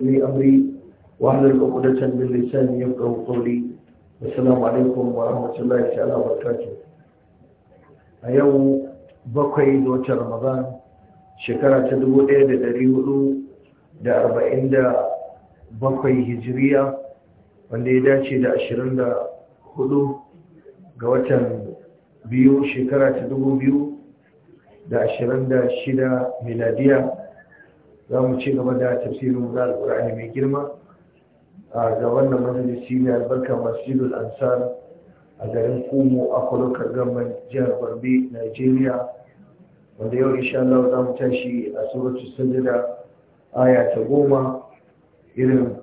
لي أمري wahalar عقدة من لساني يفقهوا قولي السلام A ورحمة الله تعالى bakwai da watan ramadan shekara ta dubu ɗaya da da da hudu arba'in bakwai hijiriya wanda ya dace da ashirin da hudu ga watan biyu shekara ta dubu biyu da da shida miladiya za mu ci gaba da tafsirin mu da alƙur'ani mai girma A ga wannan majalisi mai albarka masjidul ansar a garin kumo a kwalokar gaban jihar barbe nigeria wanda yau insha Allah za mu tashi a suratu sajada aya ta goma irin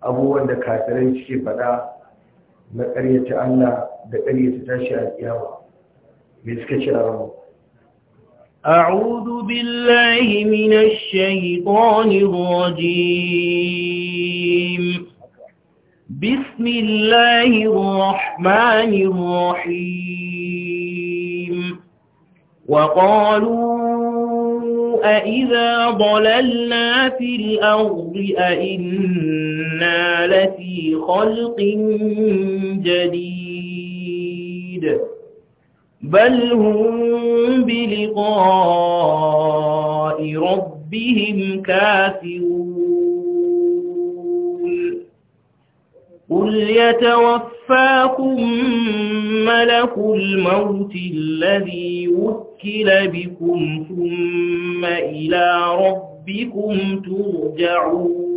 abubuwan da kafirai suke faɗa na ƙaryata Allah da ƙaryata tashi a kiyama me suka ci a ramu أعوذ بالله من الشيطان الرجيم بسم الله الرحمن الرحيم وقالوا أئذا ضللنا في الأرض أئنا لفي خلق جديد بل هم بلقاء ربهم كافرون قل يتوفاكم ملك الموت الذي وكل بكم ثم إلى ربكم ترجعون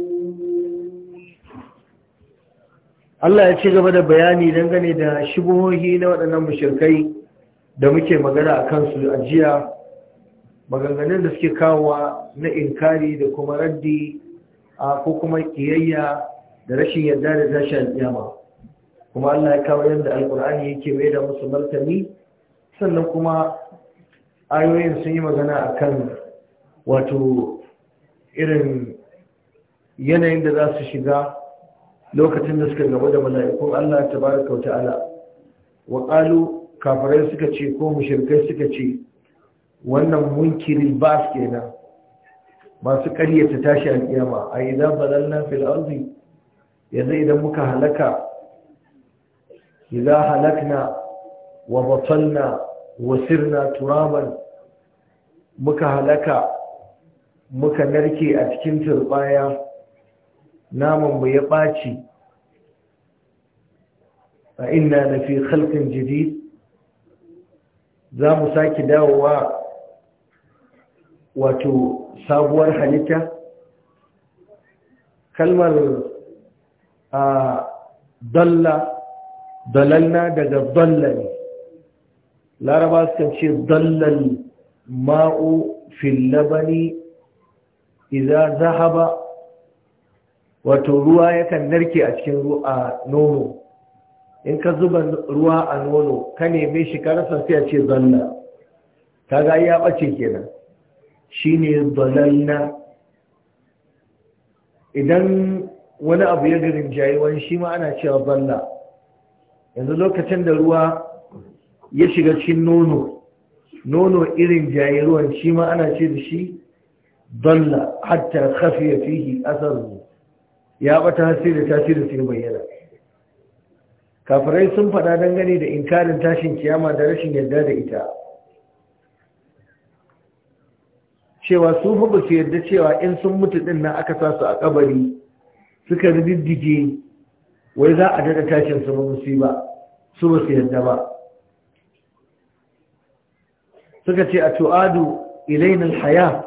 الله ya ci gaba da bayani dangane da shubuhohi na waɗannan mushrikai da muke magana a kansu a jiya maganganun da suke kawowa na inkari da kuma raddi a ko kuma kiyayya da rashin yadda da zashi alƙiyama kuma Allah ya kawo yadda alƙur'ani yake mai da musu martani sannan kuma ayoyin sun yi magana a kan wato irin yanayin da za su shiga lokacin da suka gaba da mala'ikun Allah Ta wa ta'ala wa ƙalu kafirai suka ce ko mushirkai suka ce wannan munkirin bas nan masu karyata tashi a kiyama a idan balalna filarzi ya yanzu idan muka halaka idan halakna wa batalna wa sirna turaman muka halaka muka narke a cikin turbaya naman mu ya ɓaci a inna na fi khalqin jidid za mu sake dawowa wato sabuwar halitta kalmar a dalla dalalna daga dallani laraba sukan ce dallal ma'u fil labani idza zahaba wato ruwa yakan narke a cikin ruwa nono in ka zuba ruwa a nono ka neme shi ka rasa sai a ce zalla kaga ya bace kenan shine idan wani abu ya garin jayewan shi ma ana cewa zanna yanzu lokacin da ruwa ya shiga cikin nono nono irin jayi ruwan shi ma ana ce da shi zanna hatta khafiya fihi asar ya bata da tasiri sai bayyana kafirai sun faɗa dangane da inkarin tashin kiyama da rashin yarda da ita cewa su fa ba su yarda cewa in sun mutu din nan aka sa su a kabari suka riddige wai za a daɗa tashin su ba ba su ba su yarda ba suka ce a tu'adu ilainin haya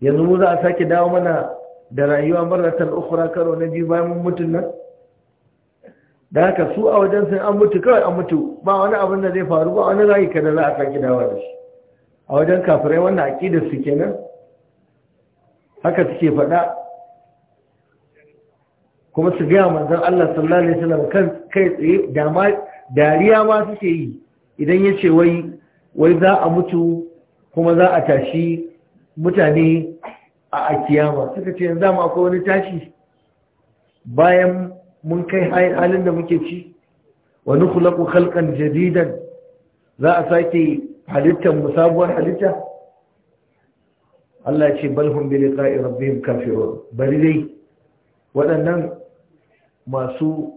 yanzu mu za a sake dawo mana da rayuwa maratan ukhra karo na biyu bayan mutun nan da haka su a wajen sun an mutu kawai an mutu ba wani abin da zai faru ba wani zai kada za a sake dawa da shi a wajen kafirai wannan aƙidar su kenan haka suke faɗa kuma su gaya manzon Allah sallallahu alaihi wasallam kan kai tsaye da ma dariya ma suke yi idan yace ce wai wai za a mutu kuma za a tashi mutane a akiyama suka ce yanzu ma akwai wani tashi bayan mun kai halin da muke ci wa nukhlaqu khalqan jadidan za a sake halittar mu sabuwar halitta Allah ya ce bal hum bi liqa'i rabbihim kafirun bari dai waɗannan masu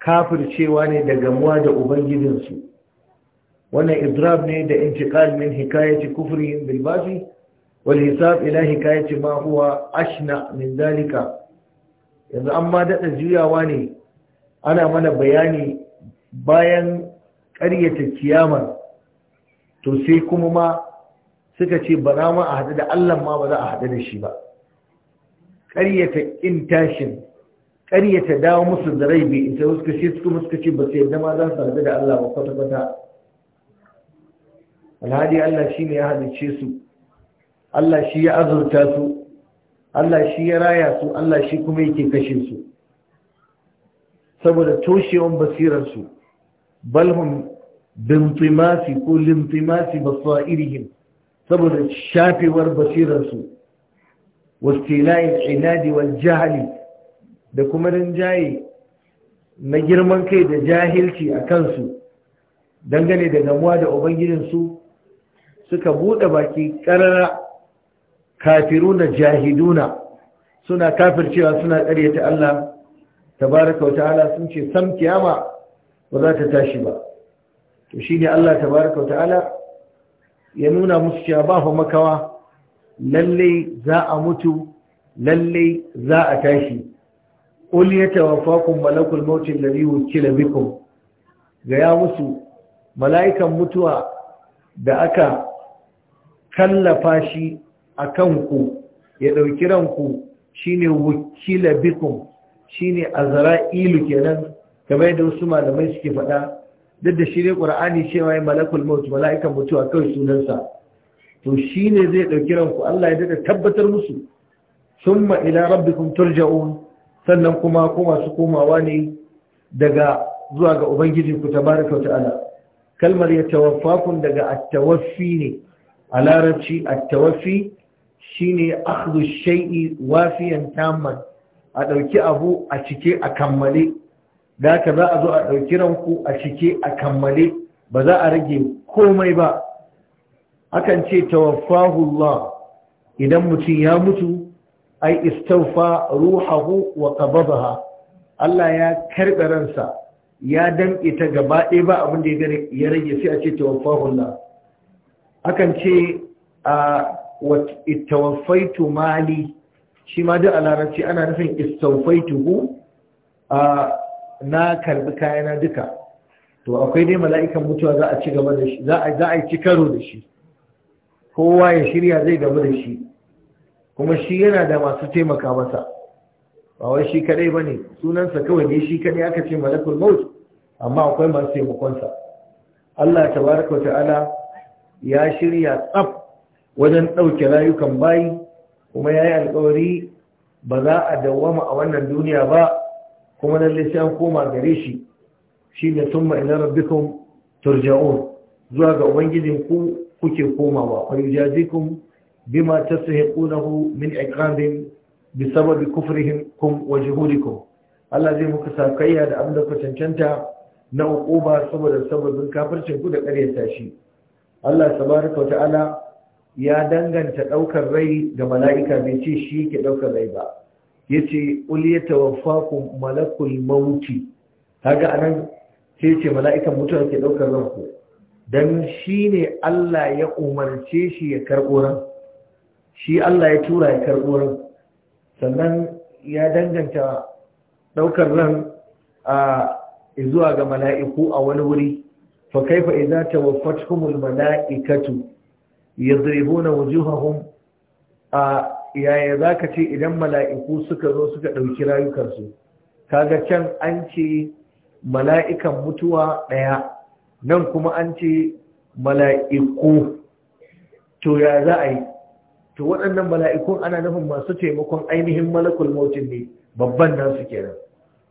kafircewa ne da gamuwa da ubangijinsu wannan idrab ne da intiqal min hikayati kufrihim bil basi wal hisab ila hikayati ma huwa ashna min dalika yanzu an ma daɗa juyawa ne ana mana bayani bayan ƙaryata kiyama to sai kuma ma suka ce ba na ma a haɗu da Allah ma ba za a haɗu da shi ba ƙaryata ƙin tashin ƙaryata dawo musu da rai bai isa suka ce suka suka ce ba sai yadda ma za su haɗu da Allah ba kwata-kwata alhali Allah shi ne ya halicce su Allah shi ya azurta su Allah shi ya raya su Allah shi kuma yake kashe su saboda toshewan basirar su balhum bintimasi ko lintimasi basairihim saboda shafewar basirar su wastilai inadi wal jahli da kuma rinjaye na girman kai da jahilci a kansu dangane da gamuwa da su, suka buɗe baki ƙarara kafiruna jahiduna suna cewa suna ƙaryata Allah tabaraka wata'ala sun ce sam kiyama ba za ta tashi ba to shine Allah tabaraka wata'ala ya nuna musu cewa ba fa makawa lalle za a mutu lalle za a tashi qul yatawaffakum malakul maut alladhi wukila bikum ga ya musu mala'ikan mutuwa da aka kallafa shi a kanku ya ɗauki ranku shine wakila bikum shine azra'ilu kenan kamar da wasu malamai suke faɗa duk da shi ne ƙur'ani cewa ya malakul maut mala'ikan mutuwa kawai sunansa to shine zai ɗauki ranku Allah ya daga tabbatar musu summa ila rabbikum turja'un sannan kuma ko masu komawa ne daga zuwa ga Ubangiji ubangijinku tabaraka ta'ala kalmar ya tawaffakun daga at-tawaffi ne a larabci at-tawaffi shine akhdhu shay'i wafiyan tamman a ɗauki abu a cike a kammale da ka za a zo a ɗauki ranku a cike a kammale ba za a rage komai ba akan ce tawaffahu Allah idan mutum ya mutu ai istawfa ruhahu wa qabadaha Allah ya karɓe ransa ya danƙe ta gaba ɗaya ba abin da ya rage sai a ce tawaffahu Allah akan ce a ittawafaitu mali shi ma duk a larabci ana nufin istawfaituhu a na karbi kayana duka to akwai dai mala'ikan mutuwa za a ci gaba da shi za a yi ci karo da shi kowa ya shirya zai gaba da shi kuma shi yana da masu taimaka masa ba wai shi kadai ne. sunansa kawai ne shi kadai aka ce malakul maut amma akwai masu taimakonsa Allah tabaraka wa ta'ala ya shirya tsaf wajen ɗauke rayukan bayi kuma ya yi alkawari ba za a dawwama a wannan duniya ba kuma na sai an koma gare shi shi ne sun ma'ilar rabbikun turja'un zuwa ga ubangijin ku kuke komawa a bi ma ta sahiqunahu min iqamin bi sababi kufrihim kum wa juhudikum Allah zai muku sakayya da abin da ku cancanta na ba saboda sababin kafircin ku da ƙarya shi Allah tabaraka wa ya danganta ɗaukar rai ga mala'ika bai ce shi ke ɗaukar rai ba ya ce uliyata malakul mauti haka anan sai ce mala'ikan mutuwa ke ɗaukar ranku don shi ne Allah ya umarce shi ya karɓo ran shi Allah ya tura ya karɓo ran sannan ya danganta ɗaukar ran a zuwa ga mala'iku a wani wuri fa kaifa idza tawaffatuhumul mala'ikatu yadribuna wujuhahum a yaya zaka ce idan mala'iku suka zo suka dauki rayukansu kaga can an ce mala'ikan mutuwa daya nan kuma an ce mala'iku to ya za a yi to waɗannan mala'ikun ana nufin masu taimakon ainihin malakul mautin ne babban nasu kenan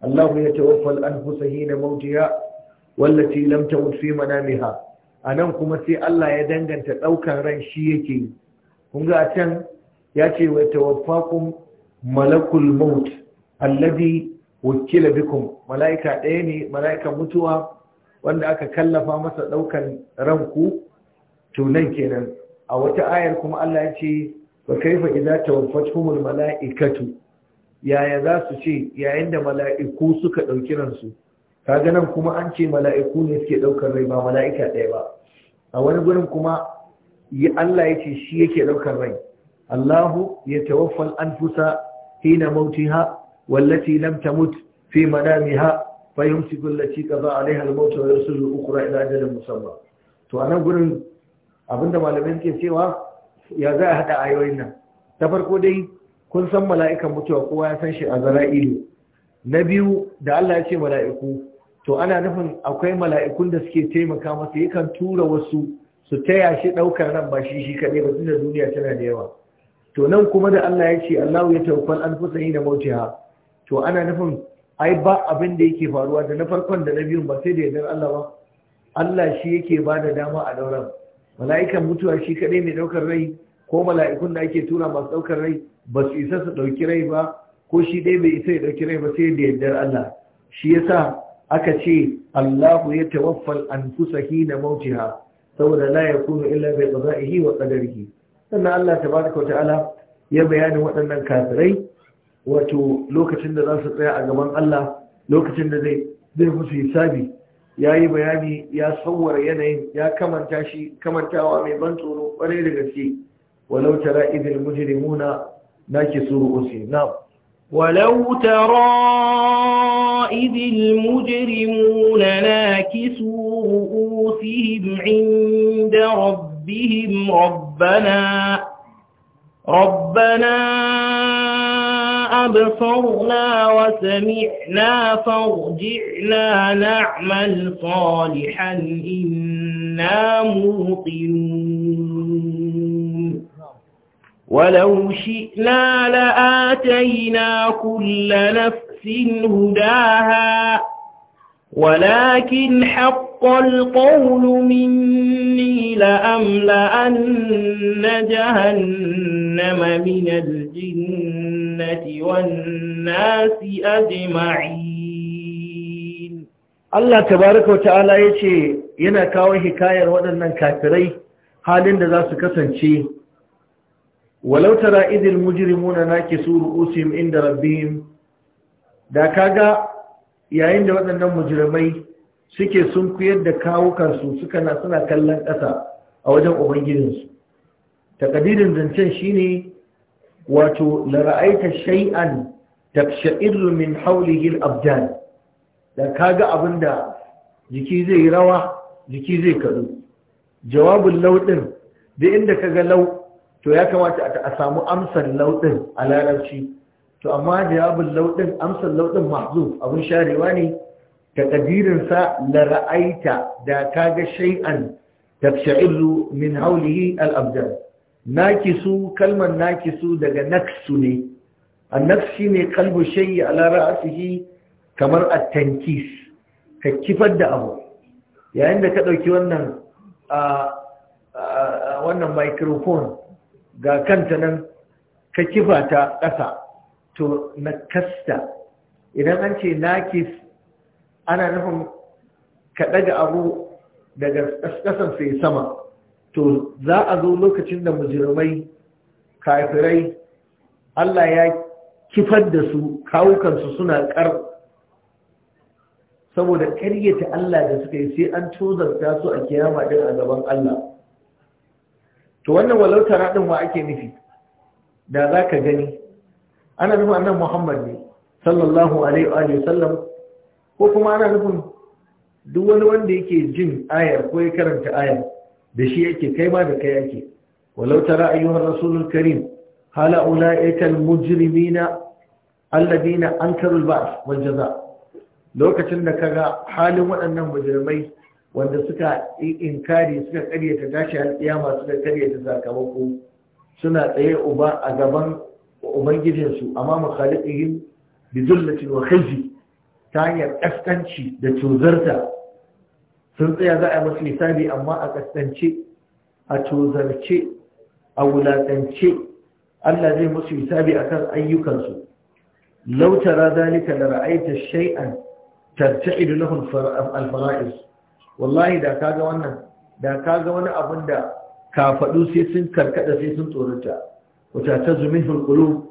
Allahu ya tawaffal anfusahi na mautiya wallati lam tamut fi manamiha a nan kuma sai Allah ya danganta ɗaukar ran shi yake yi kun ga can ya ce wa tawaffakum malakul maut allazi wakila bikum mala'ika ɗaya ne mala'ika mutuwa wanda aka kallafa masa ɗaukan ranku tunan kenan a wata ayar kuma Allah ya ce wa kaifa idza tawaffatuhumul mala'ikatu yaya za su ce yayin da mala'iku suka ɗauki ransu kaga nan kuma an ce mala'iku ne suke daukar rai ba mala'ika ɗaya ba a wani gurin kuma yi Allah ya ce shi yake daukar rai Allahu ya tawaffal anfusa hina mautiha wallati lam tamut fi manamiha fa yumsiku allati qada alaiha al-maut wa yursilu ukhra ila ajalin musamma to a nan gurin abinda malamai suke cewa ya za a hada ayoyin nan ta farko dai kun san mala'ikan mutuwa kowa ya san shi a zara'ilu na biyu da Allah ya ce mala'iku to ana nufin akwai mala'ikun da suke taimaka masa yakan tura wasu su taya shi ɗaukar nan ba shi shi kaɗai ba da duniya tana da yawa to nan kuma da Allah ya ce Allah ya tawakkal an fusahi da mautiha to ana nufin ai ba abin da yake faruwa da na farkon da na biyun ba sai da yardar Allah ba Allah shi yake ba da dama a dauran mala'ikan mutuwa shi kaɗai mai ɗaukar rai ko mala'ikun da ake tura masu ɗaukar rai ba su isa su ɗauki rai ba ko shi ɗaya bai isa ya ɗauki rai ba sai da yardar Allah shi yasa aka ce Allahu ya tawaffal anfusa hina mautiha saboda la yakunu illa bi qada'ihi wa qadarihi sannan Allah tabaraka wa ta'ala ya bayani waɗannan kafirai wato lokacin da za su tsaya a gaban Allah lokacin da zai zai musu hisabi ya yi bayani ya sauwara yanayin ya kamanta shi kamantawa mai ban tsoro ƙwarai da gaske walau tara idil mujrimuna nake suru usi na'am ولو ترى إذ المجرمون ناكسوا رؤوسهم عند ربهم ربنا ربنا أبصرنا وسمعنا فارجعنا نعمل صالحا إنا موقنون ولو شئنا لآتينا كل نفس هداها ولكن حق القول مني لأملأن جهنم من الجنة والناس أجمعين الله تبارك وتعالى يشي ينا كاوي حكاية ودنا كافري halin da za su kasance walau tara idil mujrimuna nakisu ru'usihim inda rabbihim da kaga yayin da waɗannan mujrimai suke sun kuyar da kawukansu suka na suna kallon ƙasa a wajen ubangijinsu takadirin zancen shine wato la ra'aita shay'an taksha'irru min hawlihi al-abdan da kaga abinda jiki zai rawa jiki zai kadu Jawabin law da inda kaga lau. to ya kamata a samu amsar lauɗin a larabci to amma jawabin lauɗin amsar lauɗin mazu abin sharewa ne ta ƙadirinsa na ra'aita da kaga shay'an tafsha'ilu min haulihi Na ki su, kalmar su, daga naksu ne A annaks shine kalbu shay'i a ra'sihi kamar a tankis ka kifar da abu yayin da ka ɗauki wannan wannan microphone ga kanta nan ka kifa ta ƙasa to na kasta idan an ce nakis ana nufin ka ɗaga abu daga ƙasƙasar sai sama to za a zo lokacin da mujirmai kafirai Allah ya kifar da su kawukansu suna ƙar saboda ƙaryata Allah da suka yi sai an tozarta su a kiyama ɗin a gaban Allah to wannan walau tara din wa ake nufi da za ka gani ana nufin annan muhammad ne sallallahu alaihi wa sallam ko kuma ana nufin duk wani wanda yake jin ayar ko ya karanta ayar da shi yake kai ma da kai yake walau tara ayyuhar rasulul karim hala ulaika almujrimina alladina ankaru alba'th wal jazaa lokacin da kaga halin waɗannan mujrimai wanda suka inkari suka karyata tashi alƙiyama suka karyata sakamako suna tsaye uba a gaban ubangijinsu amma mukhaliqihim bi dhullatin wa khizi ta hanyar kaskanci da cozarta sun tsaya za a musu hisabi amma a kaskance a cozarce a wulatance Allah zai musu hisabi akan ayyukansu lautara zalika la ra'aita shay'an tarta'idu lahu al-fara'is wallahi da ka ga wannan da ka ga wani abin da ka kafaɗu sai sun karkada sai sun tsoronta wata ta zumi hulkulu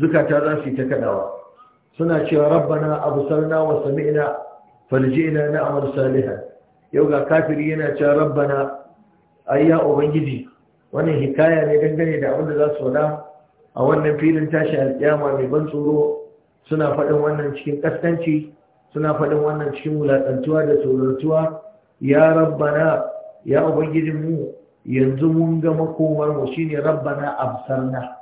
zukata za su yi ta kaɗawa suna cewa rabbana abu sarna wa sami'na farji'na na amal Saliha, yau ga kafiri yana cewa rabbana ayya ubangiji wannan hikaya ne dangane da abin da za su faɗa a wannan filin tashi alƙiyama mai ban tsoro suna faɗin wannan cikin ƙasƙanci suna faɗin wannan cikin wulaƙantuwa da tsorantuwa ya rabbana ya ubangijinmu yanzu mun ga makomarmu shine rabbana absarna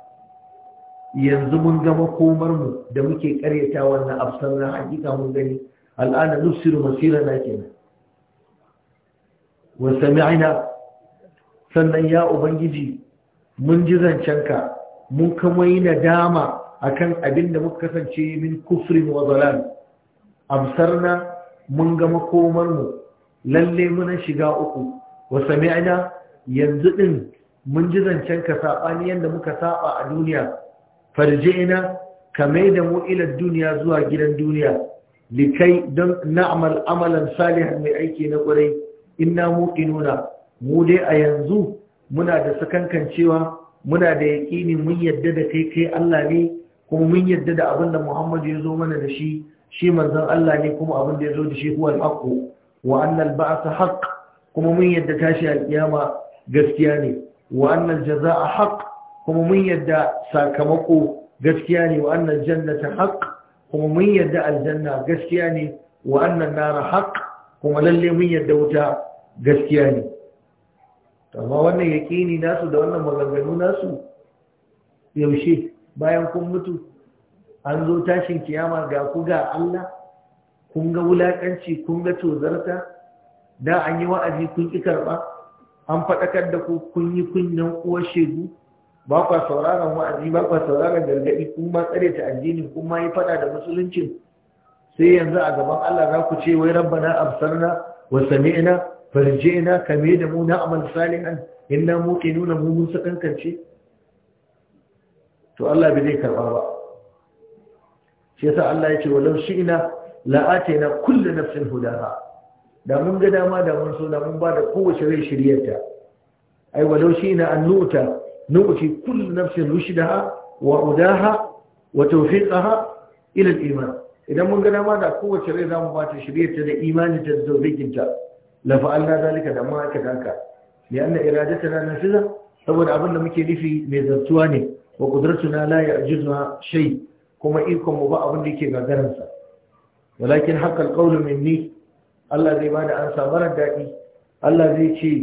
yanzu mun ga makomarmu da muke karyata wannan absarna hakika mun gani al'ana nufsiru masirana kenan wa sami'na sannan ya ubangiji mun ji zancenka mun kuma yi nadama akan abin da muka kasance min kufrin wa zalal amsarna mun ga makomarmu lalle muna shiga uku wa sami'na yanzu din mun ji zancen ka ni yanda muka saba a duniya farji'na kamai da mu ila duniya zuwa gidan duniya likai don na'amal amalan salihan mai aiki na kwarai inna muqinuna mu dai a yanzu muna da cewa? muna da yaƙini mun yadda da kai kai Allah ne kuma mun yadda da abinda da Muhammad ya zo mana da shi shi manzon Allah ne kuma abin ya zo da shi huwa al wa annal ba'sa haqq kuma mun yadda tashi alkiyama gaskiya ne wa jaza jazaa'a haqq kuma mun yadda sakamako gaskiya ne wa annal jannata haqq kuma mun yadda aljanna gaskiya ne wa annan nara haqq kuma lallai mun yadda wuta gaskiya ne amma wannan yaƙini nasu da wannan maganganu nasu yaushe bayan kun mutu an zo tashin kiyama ga ku ga Allah kun ga wulaƙanci kun ga tozarta da an yi wa'azi kun ƙi karɓa an faɗakar da ku kun yi kunnen uwar shegu ba kwa sauraron wa'azi ba kwa sauraron gargaɗi kun ma tsare ta addini kun ma yi faɗa da musulunci sai yanzu a gaban Allah za ku ce wai rabbana absarna wa sami'na farji'na kame da mu na, amal salihan inna muqinuna mu mun sakankance to Allah bai zai karba ba shi yasa Allah ya ce walau shi'na la'atina kullu nafsin hudaha da mun ga dama da mun so da mun ba da kowace rai shiryarta ai walau shi na an nuta nuti kullu nafsin rushdaha wa udaha wa tawfiqaha ila al-iman idan mun ga dama da kowace rai zamu ba ta shiryarta da imani da tawfiqinta la fa'alna zalika da ma aka danka lianna iradatana nafiza saboda abin da muke nufi mai zartuwa ne wa qudratuna la ya'jizuna shay kuma ikon mu ba abin da yake gagaransa walakin haqqal qawlu minni Allah zai bada ansa marar daɗi. Allah zai ce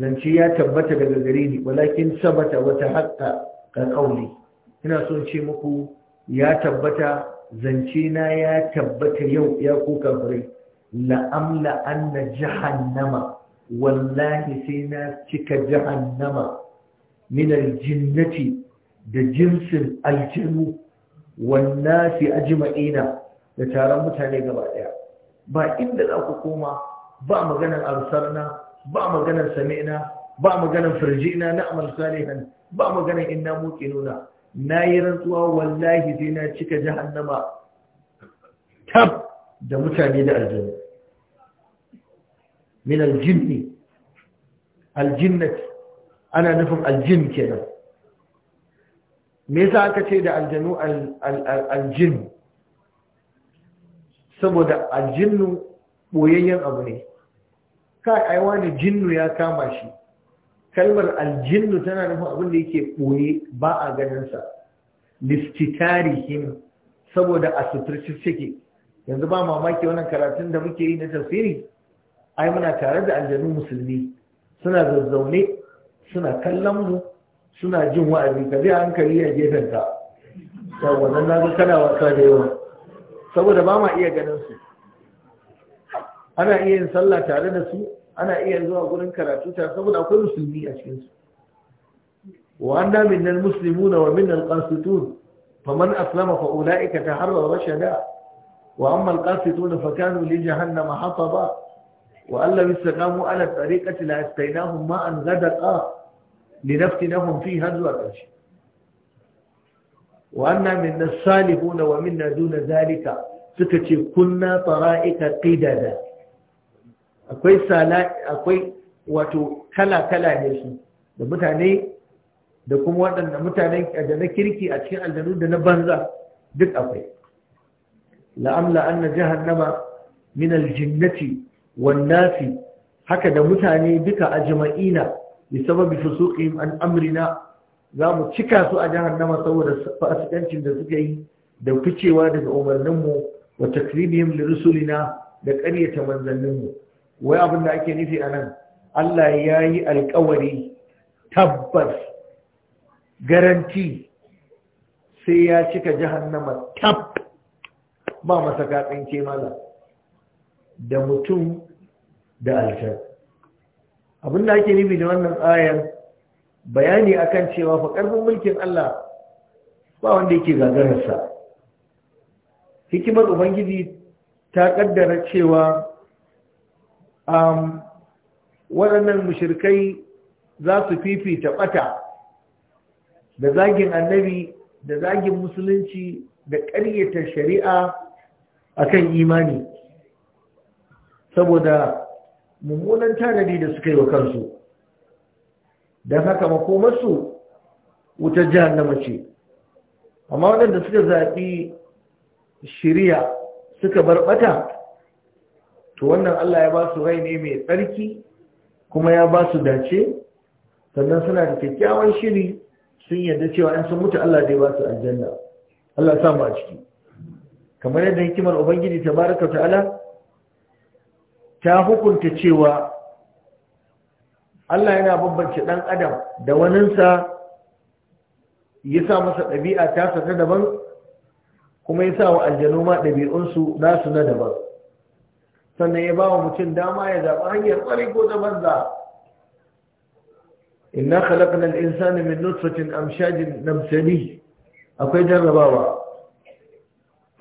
zance ya tabbata daga gare ni walakin sabata wata haqqa ka qawli ina son ce muku ya tabbata zance na ya tabbata yau ya ku kafirai jihan nama, jahannama wallahi sai na cika nama? min aljinnati da jinsin aljinu wannasi ajma'ina da taron mutane gaba ɗaya ba inda za ku koma ba maganar arsarna ba maganar sami'na ba maganar firji'na na amal salihan ba maganar inna na nayi rantsuwa wallahi sai na cika jahannama tab da mutane da aljanu. min aljinni aljinnati ana nufin aljin kenan me yasa aka ce da aljanu aljin saboda a jinnu ɓoyayyen abu ne ka aiwa da jinnu ya kama shi kalmar aljinnu tana nufin abin da yake ɓoye ba a ganinsa listitarihim saboda a suturci suke yanzu ba mamaki wannan karatun da muke yi na tafsiri ai muna tare da aljanu musulmi suna zazzaune suna kallon mu suna jin wa'azi ka bi hankali a gefen ka yawon nan na kana wasa da yawa saboda ba ma iya ganin su ana iya yin sallah tare da su ana iya zuwa gurin karatu tare saboda akwai musulmi a cikin su wa anna minnal muslimuna wa minnal qasitun faman aslama fa ulaika taharraw rashada wa amma alqasituna fa kanu li jahannama hataba wa allam istaqamu ala tariqati la astainahum ma'an ghadaqa linaftinahum fiha zuwa karshe wannan minna salihuna wa minna duna zalika suka ce kunna tsara'ika qidada akwai sala akwai wato kala kala ne su da mutane da kuma waɗanda mutanen da na kirki a cikin aljanu da na banza duk akwai la'amla anna jahannama min aljinnati wan nasi haka da mutane duka ajma'ina bi sababi fusuqihim an amrina za mu cika su a jahannama saboda fasikancin da suka yi da ficewa daga umarninmu wa takribihim li rusulina da ƙaryata manzanninmu wai abin da ake nufi a nan Allah ya yi alkawari tabbas garanti sai ya cika jahannama tab ba masa katsin kemala da mutum da alkar. abin da ake nufi da wannan ayar bayani akan cewa fa karfin mulkin Allah ba wanda yake gagararsa hikimar ubangiji ta ƙaddara cewa um, waɗannan mushirkai za su fifita ɓata da zagin annabi da zagin musulunci da ƙaryata shari'a akan imani saboda mummunan tanadi da suka yi wa kansu don haka makomarsu wutar na mace. amma waɗanda suka zaɓi shirya suka barbata to wannan Allah ya ba su rai ne mai tsarki kuma ya ba su dace sannan suna da kyakkyawan shiri sun yarda cewa 'yan sun mutu Allah zai ba su aljanna Allah ya samu a ciki kamar yadda hikimar ubangiji ta barika ta'ala ta hukunta cewa Allah yana bambance ɗan adam da waninsa ya sa masa ɗabi'a tasa ta daban kuma ya sa wa aljanu ma ɗabi'unsu nasu na daban sannan ya ba wa mutum dama ya zaɓi hanyar ƙwari ko ta banza inna khalaqna al-insana min nutfatin amshajin namsani akwai jarrabawa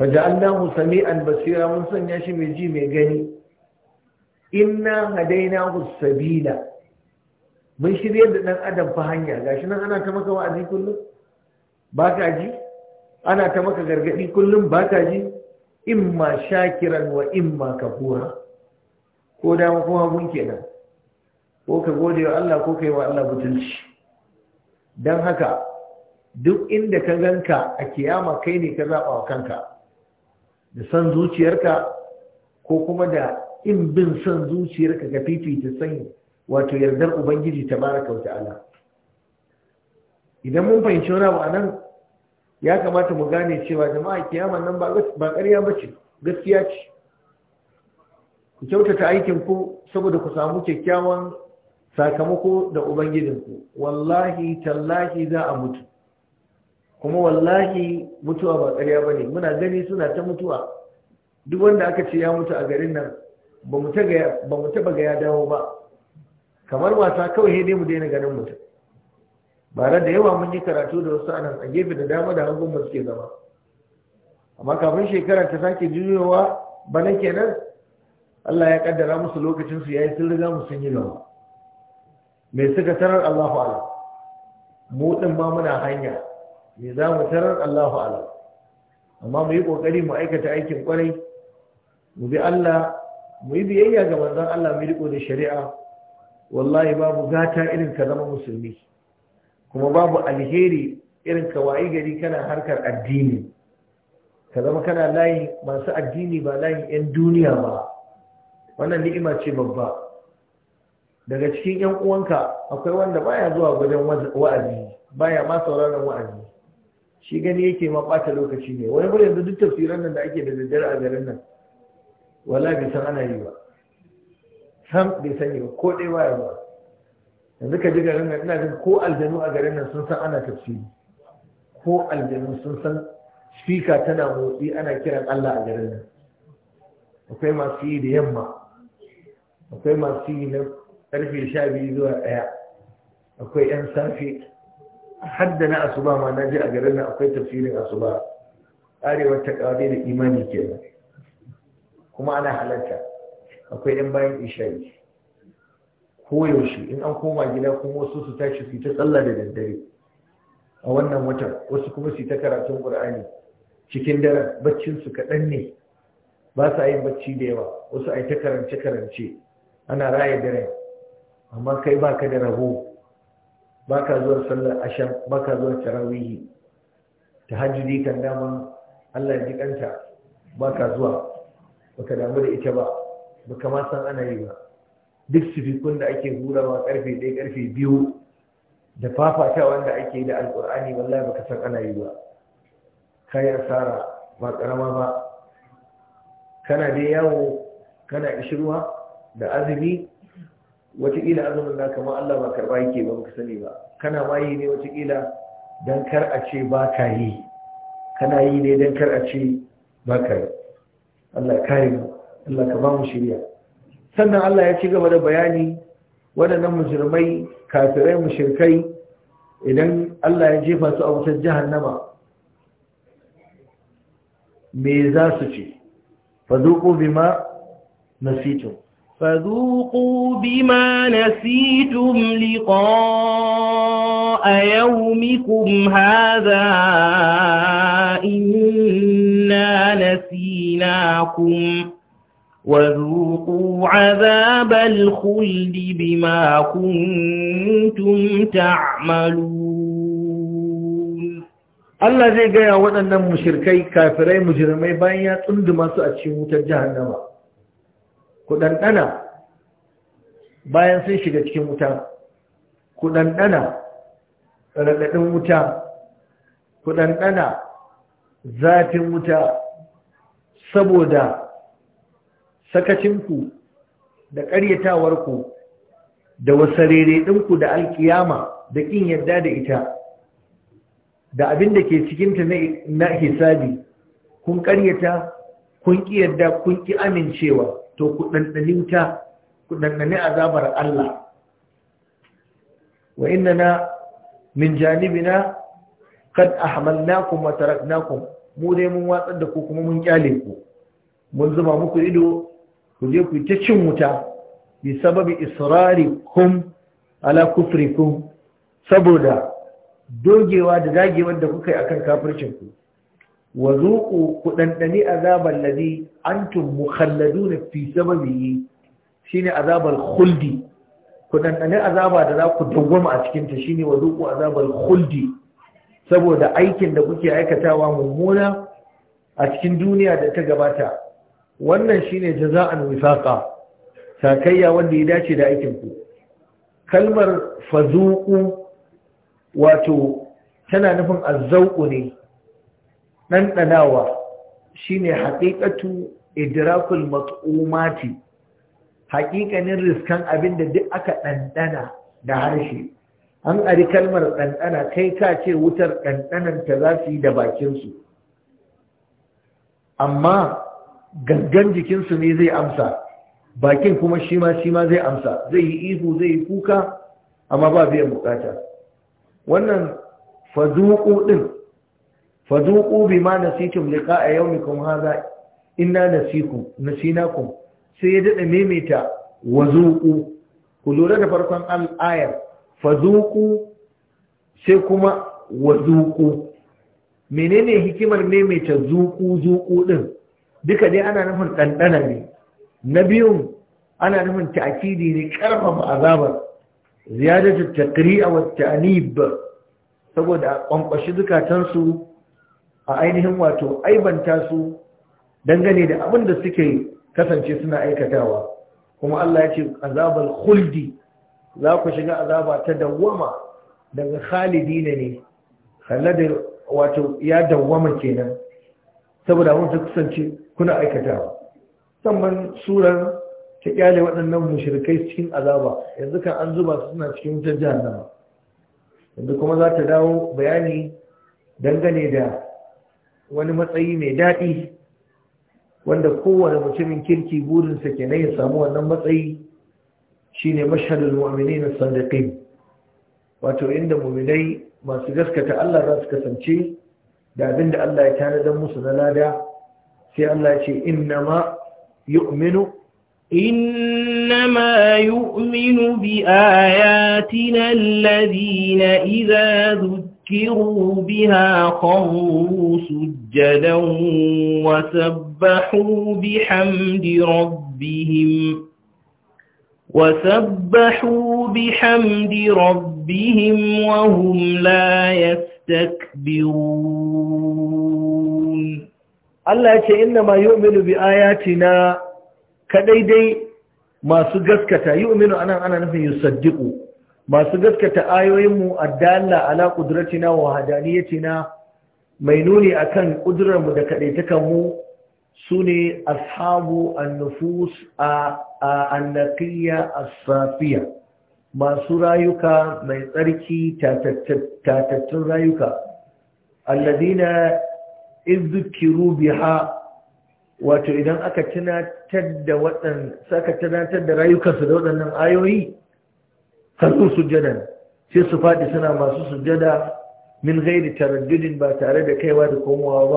faja'alnahu sami'an basira mun sanya shi mai ji mai gani inna hadainahu sabila mun shiryar da ɗan adam fa hanya gashi nan ana ta maka wa'azi kullum ba ka ji ana ta maka gargaɗi kullum ba ka ji imma shakiran wa imma kafura ko dama mun ke kenan ko ka gode wa Allah ko kai wa Allah butulci don haka duk inda ka ganka a kiyama kai ne ka zaɓa wa kanka da san zuciyarka ko kuma da in bin son zuciyarka ka fifita sanyi wato yardar ubangiji ta baraka wa ta'ala idan mun fahimci wani abu anan ya kamata mu gane cewa jama'a kiyama nan ba ƙarya ba ce gaskiya ce ku kyautata aikin ku saboda ku samu kyakkyawan sakamako da ubangijin ku wallahi tallahi za a mutu kuma wallahi mutuwa ba ƙarya ba ne muna gani suna ta mutuwa duk wanda aka ce ya mutu a garin nan ba mu taba ga ya dawo ba kamar wasa kawai dai mu daina ganin mutum ba da yawa mun yi karatu da wasu anan a gefe da dama da hangun ba suke zama amma kafin shekara ta sake juyowa bana kenan Allah ya kaddara musu lokacin su yayi sun riga mu sun yi gaba me suka tarar Allahu a'lam mu din ma muna hanya me za mu tarar Allahu a'lam amma mu yi kokari mu aikata aikin kwarai mu bi Allah mu yi biyayya ga manzon Allah mu riko da shari'a wallahi babu gata irin ka zama musulmi kuma babu alheri irin ka wayi gari kana harkar addini ka zama kana layi masu addini ba layin 'yan duniya ba wannan ni'ima ce babba daga cikin 'yan uwanka akwai wanda baya zuwa gudun wa'azi baya ma sauraron wa'azi shi gani yake ma ɓata lokaci ne wani bari yanzu duk tafsiran nan da ake da daddare a garin nan wala bi san ana yi ba sam bai sani ba ko ɗaya waya ba yanzu ka ji garin nan ina jin ko aljanu a garin nan sun san ana tafsiri ko aljanu sun san spika tana motsi ana kiran Allah a garin nan akwai masu yi da yamma akwai masu yi na karfe sha biyu zuwa ɗaya akwai 'yan safe hadda na asuba ma na ji a garin nan akwai tafsirin asuba arewa ta ƙaure da imani kenan kuma ana halarta akwai yan bayan Ko koyaushe in an koma gida kuma wasu su tashi su ta tsalla da daddare a wannan watan wasu kuma su ta karatun ƙur'ani cikin daren baccin su kaɗan ne ba sa yin bacci da yawa wasu ai ta karance karance ana raya daren amma kai baka da rabo baka zuwa sallar Asha, baka zuwa tarawihi hajji kan dama Allah ya ji baka zuwa baka damu da ita ba ba kamar san ana yi ba duk sifikun da ake hurawa karfe ɗaya karfe biyu da fafata wanda ake da alƙur'ani wallahi baka san ana yi ba Kayan asara ba karama ba kana dai yawo kana ishirwa da azumi wataƙila azumin na kamar Allah ba karɓa yake ba baka sani ba kana ma yi ne wataƙila don kar a ce ba ka yi kana yi ne don kar a ce ba ka yi Allah kare mu Allah ka ba mu shirya sannan Allah ya ci gaba da bayani waɗannan musulmai kafirai mushrikai idan Allah ya jefa su a wutar jahannama me za su ce fadhuqu bima nasitum fadhuqu bima nasitum a yawmikum hadha inna nasinakum وذوقوا عذاب الخلد بما كنتم تعملون Allah zai gaya waɗannan mushirkai kafirai mujirmai bayan ya tsunduma su a cikin wutar jahannama ku bayan sun shiga cikin wuta ku ɗanɗana raɗaɗin wuta ku zafin wuta saboda sakacinku da ƙaryatawarku da wasarere ɗinku da alkiyama da ƙin yadda da ita da abin da ke cikinta na hisabi kun ƙaryata kun ƙi yadda kun ƙi amincewa to ku ku ɗanɗani azabar Allah wa inna na min janibina a ahmalnakum wa taraknakum mu dai mun watsar da ku kuma mun ƙyale ku mun zuba muku ido ku je ku ta cin wuta bi sababi israrikum ala kufrikum saboda dogewa da dagewar da kuka yi akan kafircin ku wa zuqu ku dandani azabal ladhi antum mukhalladuna fi sababihi shine azabal khuldi ku azaba da za ku dawwama a cikin ta shine wa zuqu azabal khuldi saboda aikin da kuke aikatawa mummuna a cikin duniya da ta gabata wannan shine jaza'an wifaqa sakayya wanda ya dace da aikinku. kalmar fazuqu wato tana nufin azzauqu ne ɗanɗanawa shine haqiqatu idrakul mat'umati haƙiƙanin riskan abin da duk aka ɗanɗana da harshe an ari kalmar ɗanɗana kai ka ce wutar ɗanɗananta za su yi da bakinsu amma gangan jikinsu ne zai amsa bakin kuma shi ma shi ma zai amsa zai yi ihu zai yi kuka amma ba biyan bukata wannan fazuku din fazuku bima nasitum liqa'a yawmikum hadha inna nasikum nasinakum sai ya dada maimaita wazuku ku lura da farkon al'ayar fazuku sai kuma wazuku menene hikimar maimaita zuku zuku din duka dai ana nufin ɗanɗana ne na biyun ana nufin ta'kidi ne ƙarfafa azabar ziyadatu a wa ta'nib saboda kwankwashi dukatansu a ainihin wato aibanta su dangane da abin da suke kasance suna aikatawa kuma Allah ya ce azabar huldi za ku shiga azaba ta dawwama daga khalidina ne khallada wato ya dawwama kenan saboda wanda kusance kuna aikatawa sannan surar ta kyale waɗannan mushrikai cikin azaba yanzu kan an zuba su suna cikin wutar jahannama yanzu kuma za ta dawo bayani dangane da wani matsayi mai daɗi wanda kowane mutumin kirki burinsa kenan ya samu wannan matsayi shi ne mashahadar mu'amini na sandaƙin. wato inda mu'minai masu gaskata Allah za su kasance da abin da Allah ya tanadar musu na lada في Allah ce إنما يؤمن إنما يؤمن بآياتنا الذين إذا ذكروا بها خروا سجدا وسبحوا بحمد ربهم وسبحوا بحمد ربهم وهم لا يستكبرون Allah ya ce inna ma yu'minu bi na kadai dai masu gaskata yu'minu anan ana nufin yusaddiqu masu gaskata ayoyinmu addalla ala qudratina wa na. mai nuni akan kudurarmu da kadaitakan mu sune ashabu a nufus a naqiyya a safiya masu rayuka mai tsarki tatattun rayuka alladina izzukiru biha wato idan aka tunatar da saka tunatar da rayukansu da waɗannan ayoyi kasu sujjadan sai su faɗi suna masu sujjada min gairi taraddudin ba tare da kaiwa da komowa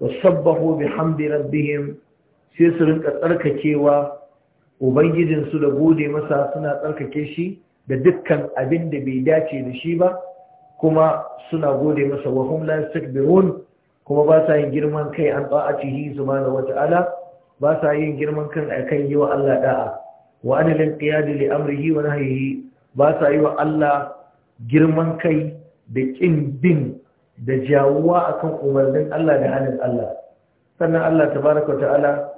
ba bi bihamdi rabbihim sai su rinka tsarkakewa ubangijinsu da gode masa suna tsarkake shi da dukkan abin da bai dace da shi ba kuma suna gode masa wa hum la yastakbirun kuma ba sa yin girman kai an ta'atihi subhanahu wata'ala ba sa yin girman kan akan yi wa Allah da'a wa anil inqiyad li amrihi wa nahyihi ba sa yi wa Allah girman kai da kin bin da jawuwa akan umarnin Allah da hannun Allah sannan Allah tabaraka wata'ala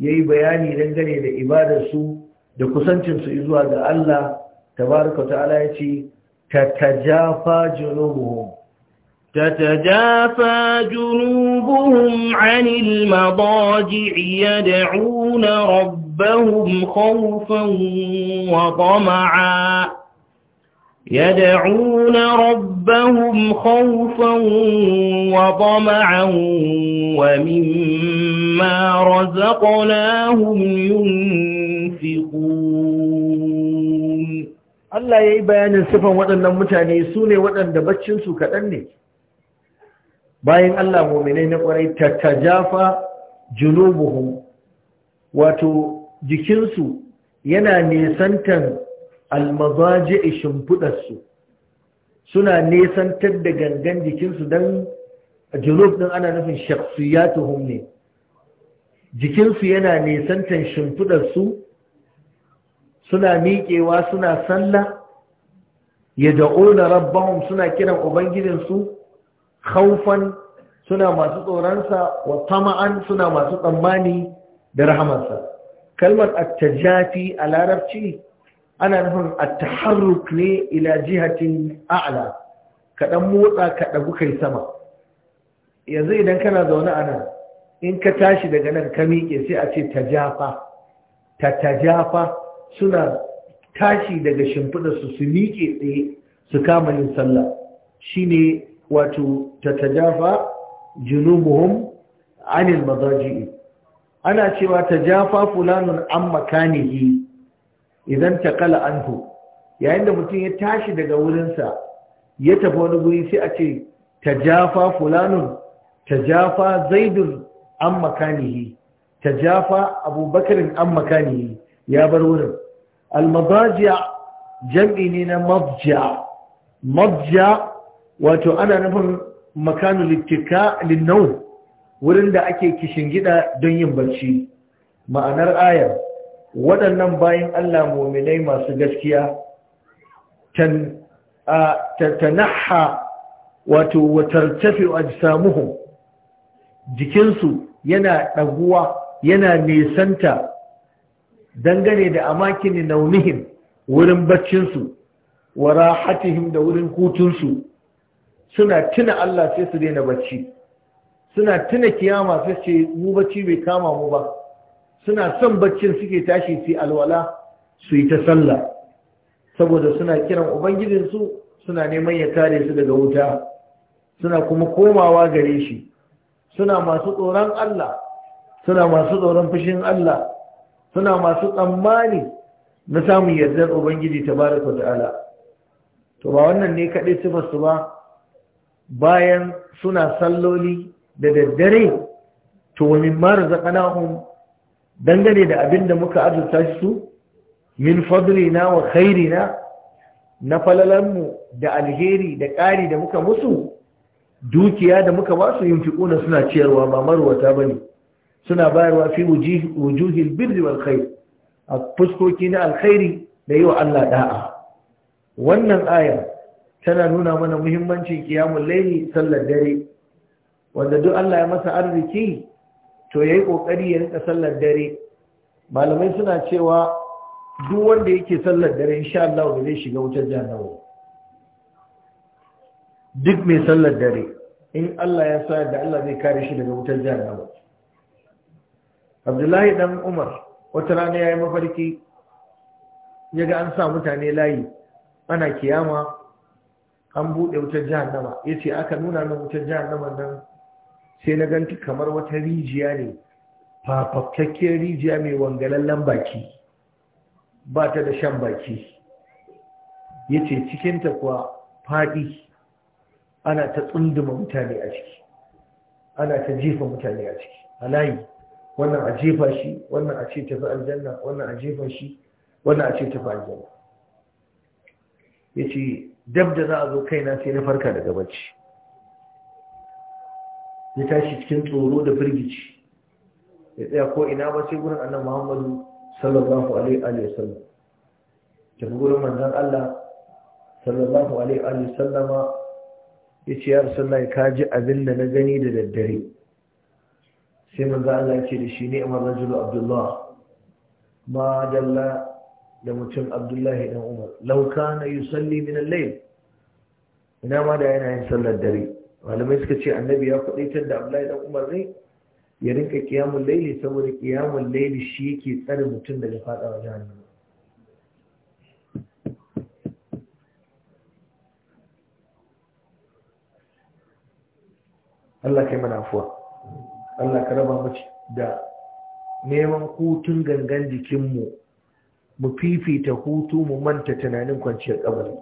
yayi bayani dangane da ibadar su da kusancin su zuwa ga Allah tabaraka wata'ala yace tatajafa junubuhum تتجافى جنوبهم عن المضاجع يدعون ربهم خوفا وطمعا يدعون ربهم خوفا وطمعا ومما رزقناهم ينفقون الله يبين السفن waɗannan mutane سوني ne دبتشن baccinsu bayan Allah mu'minai na kwarai tatajafa junubuhum wato jikinsu yana nesantan almazaji shimfiɗarsu suna nesantar da gangan jikinsu don junub ɗin ana nufin shaksiyatuhum ne jikinsu yana nesantan shimfiɗarsu suna miƙewa suna sallah ya na rabbanmu suna kiran ubangijinsu khaufan suna masu tsoronsa wa tama'an suna masu tsammani da rahamarsa kalmar Attajafi, a larabci ana nufin at-taharruk ne ila jihatin a'la kaɗan motsa ka dagu kai sama yanzu idan kana zaune a nan in ka tashi daga nan ka miƙe sai a ce tajafa ta tajafa suna tashi daga shimfiɗa su su miƙe tsaye su kama yin sallah shine wato tatajafa junubuhum anil madaji'i ana cewa tajafa fulanun an makanihi idan taqala anhu yayin da mutum ya tashi daga wurinsa ya tafi wani guri sai a ce tajafa fulanun tajafa zaidun an makanihi tajafa abubakarin an makanihi ya bar wurin almadaji'a jam'i ne na madja madja wato ana nufin makanu littika linnau wurin da ake kishin gida don yin barci ma'anar ayar waɗannan bayan Allah muminai masu gaskiya tanaha wato watartafi samuhu jikinsu yana ɗaguwa yana nesanta dangane da amakini naunihin wurin baccinsu wa rahatihim da wurin hutunsu suna tuna Allah sai su daina bacci suna tuna kiyama sai ce mu bacci bai kama mu ba suna son baccin suke tashi su alwala su yi ta sallah saboda suna kiran ubangijinsu suna neman ya kare su daga wuta suna kuma komawa gare shi suna masu tsoron Allah suna masu tsoron fushin Allah suna masu tsammani na samun yardar ubangiji tabaraka ta'ala to ba wannan ne kaɗai sifar su ba bayan suna salloli da daddare to wani mara hun dangane da abin da muka azurta su min na wa khairina na na falalanmu da alheri da ƙari da muka musu dukiya da muka basu su yin fiƙuna suna ciyarwa ba marwata ba ne suna bayarwa fi wujuhil birri wal khairi a fuskoki na alkhairi da yi wa Allah da'a wannan ayar tana nuna mana muhimmanci kiyamun laili sallar dare wanda duk Allah ya masa arziki to yayi kokari ya rika sallar dare malamai suna cewa duk wanda yake sallar dare insha Allah ba zai shiga wutar jahannama duk mai sallar dare in Allah ya sa da Allah zai kare shi daga wutar jahannama Abdullahi dan Umar wata rana yayi mafarki yaga an sa mutane layi ana kiyama an buɗe wutar jahannama ya ce aka nuna min wutar nama nan sai na ganta kamar wata rijiya ne fafaftakkiyar rijiya mai wangalallen baki ba ta da shan baki ya ce cikinta kuwa faɗi ana ta tsunduma mutane a ciki ana ta jefa mutane a ciki a layi wannan a jefa shi wannan a ce tafi aljanna wannan a jefa shi wannan a ce tafi aljanna ya ce dab da za a zo kaina sai na farka daga bacci ya tashi cikin tsoro da firgici ya tsaya ko ina ba sai gurin annan Muhammadu sallallahu alaihi wa sallam tafi gurin manzan Allah sallallahu alaihi wa sallama ce ya rasulullahi ka ji abin da na gani da daddare sai manzan Allah ya ce da shi ne Umar rajulu Abdullahi. ma dalla da mutum abdullahi dan umar lauka na yi salli minan allai ina ma da yana yin sallar dare malamai suka ce annabi ya kudaitar da abdullahi dan umar ne ya rinka kiyamun laili saboda kiyamun laili shi yake tsare mutum daga fadawa jahannama Allah kai mana afuwa Allah ka raba mu da neman hutun gangan jikinmu mu fifita hutu mu manta tunanin kwanciyar kabari